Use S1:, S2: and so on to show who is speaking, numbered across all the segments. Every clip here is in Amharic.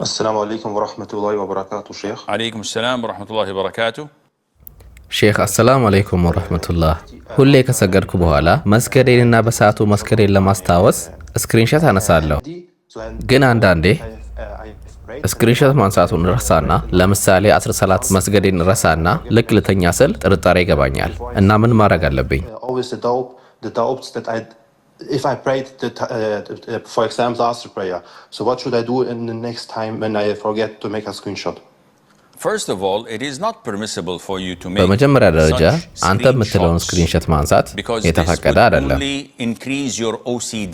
S1: السلام عليكم ورحمة الله وبركاته شيخ عليكم السلام ورحمة الله وبركاته ሼክ አሰላሙ አለይኩም ወረህመቱላህ። ሁሌ ከሰገድኩ በኋላ መስገዴንና በሰዓቱ መስገዴን ለማስታወስ ስክሪንሾት አነሳለሁ። ግን አንዳንዴ ስክሪንሾት ማንሳቱን ረሳና ለምሳሌ አስር ሰላት መስገዴን ረሳና ልክ ልተኛ ስል ጥርጣሬ ይገባኛል እና ምን ማድረግ አለብኝ?
S2: if I prayed, uh, the, for example, Astro prayer, so what should I do in the next time when I forget to make a screenshot?
S3: በመጀመሪያ ደረጃ አንተ የምትለውን ስክሪንሾት ማንሳት የተፈቀደ አይደለም።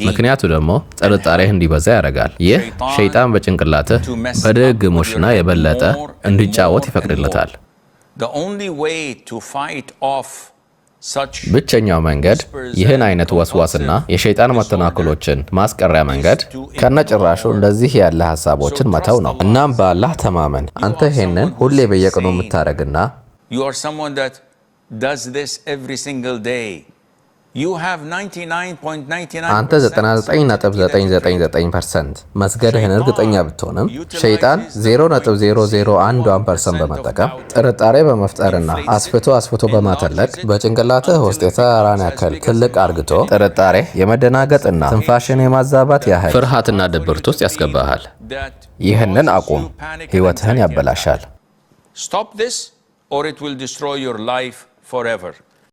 S3: ምክንያቱ ደግሞ ጥርጣሬህ እንዲበዛ ያደርጋል። ይህ ሸይጣን በጭንቅላትህ በድግግሞሽና የበለጠ እንዲጫወት ይፈቅድለታል። ብቸኛው መንገድ ይህን አይነት ወስዋስና የሸይጣን መተናክሎችን ማስቀሪያ መንገድ ከነጭራሹ እንደዚህ ያለ ሀሳቦችን መተው ነው። እናም በአላህ ተማመን። አንተ ይህንን ሁሌ በየቀኑ የምታደርግና አንተ 99.999% መስገድህን እርግጠኛ ብትሆንም ሸይጣን 0.001% በመጠቀም ጥርጣሬ በመፍጠርና አስፍቶ አስፍቶ በማተለቅ በጭንቅላትህ ውስጥ የተራራን ያክል ትልቅ አርግቶ ጥርጣሬ የመደናገጥና ትንፋሽን የማዛባት ያህል ፍርሃትና ድብርት ውስጥ ያስገባሃል። ይህንን አቁም፣ ህይወትህን ያበላሻል።